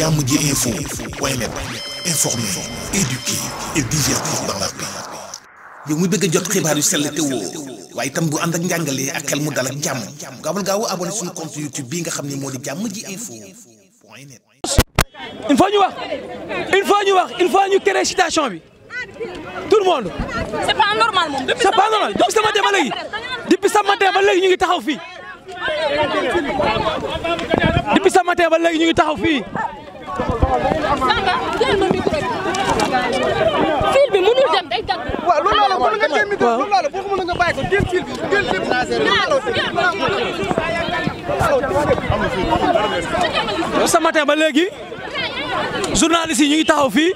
jàmm ji info point net informer, éduquer et divertir dans la paix. yow mi bëgg a jot xibaar yu sell te woo waaye itam bu ànd ak njàngalee ak xel mu dal ak jàmm gaawal gaaw abonné suñu compte YouTube bii nga xam ne moo di jàmm ji info point net. il faut ñu wax il ñu wax il ñu créer situation bi tout le monde. c'est normal moom. c'est pas normal depuis ce matin ba léegi depuis ce matin ba léegi ñu ngi taxaw fii. depuis ce matin ba léegi ñu Samba jël ma micro bi fil bi mënul dem day dagg. waaw loolu la mën nga jël micro bi loolu la boo ko mën nga bàyyi ko jël fil bi jël lépp. ce matin ba léegi journaliste yi ñu ngi taxaw fii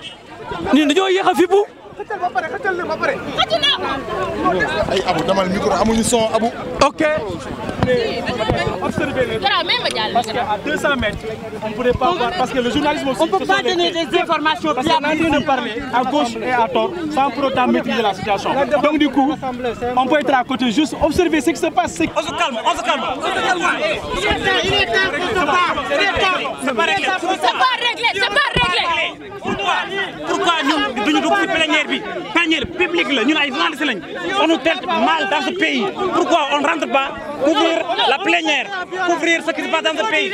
ñun dañoo yéex a fippu. xëccal ba pare xëccal ba pare. ay abu damal micro amuñu son abu. ok. parce que à 200 le journalisme on peut pas parce qu'on est en train parler à gauche et à tort sans pour autant maîtriser la situation donc du coup on peut être à côté juste observer ce qui se passe. on se calme on se calme. il est temps qu'on se parle. c'est pas réglé c'est pas réglé c'est pas réglé. pourquoi ñun duñu dugg ci plénière bi. publique la ñun ay journalistes lañ on nous traite mal dans ce pays pourquoi on rentre pas couvrir la plénière couvrir ce qui se passe dans ce pays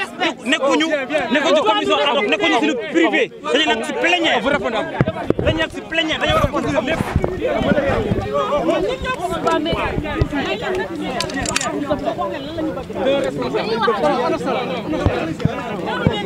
nekkuñu nekkuñu ci commission ad hoc nekkuñu ci lu privé dañu nekk ci plénière ah, dañu nekk ci plénière dañu war a couvrir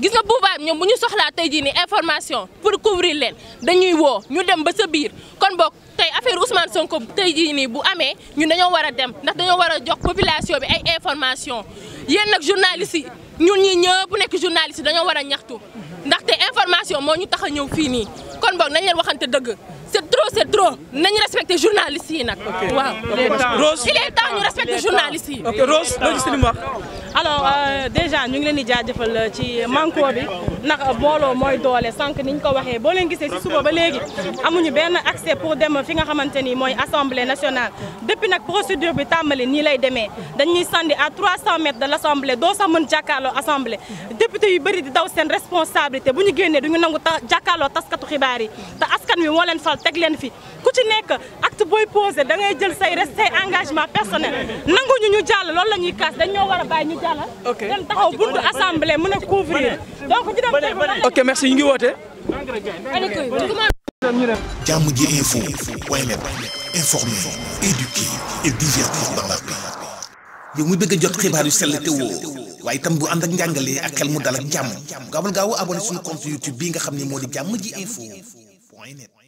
gis nga Bouba ñoom bu ñu soxlaa tey jii ni information pour couvrir leen dañuy woo ñu dem ba sa biir kon boog tey affaire Ousmane Sonko tey jii nii bu amee ñun dañoo war a dem ndax dañoo war a jox population bi ay information yéen nag journalistes yi ñun ñi ñëpp nekk journaliste dañoo war a ñaxtu ndaxte diffamation moo ñu tax a ñëw fii nii kon boog nañ leen waxante dëgg c'est trop c'est trop nañ respecter journalistes yi waaw il est temps ñu respecter journalistes yi. ok Rose loo euh, déjà ñu ngi leen euh, ci manko bi ndax euh, booloo mooy doole sànq ni ñu ko waxee boo leen gisee si suba ba léegi amuñu benn accès pour dem fi nga xamante ni mooy assemblée nationale. depuis nag procédure bi tàmbali nii lay demee dañuy sandi à 300 mètres de l' assemblée doo sax mën jàkkaarloo assemblée député yu bëri di liggéey duñu nangu ta jàkkaarloo taskatu xibaar yi te askan wi moo leen fal teg leen fi ku ci nekk acte booy posé da jël say reste say engagement personnel nanguñu ñu jàll loolu la ñuy kaas dañ ñoo war a bàyyi ñu jàll dem taxaw assemblée mën a couvrir donc ñu dem ji info waaye nag informer éduquer et yow mu bëgg a jot xibaar yu sell te woo waaye itam bu ànd ak njàngalee ak xel mu dal ak jàmm gaawal gaaw abonné suñu compte YouTube bii nga xam ne moo di jàmm ji info point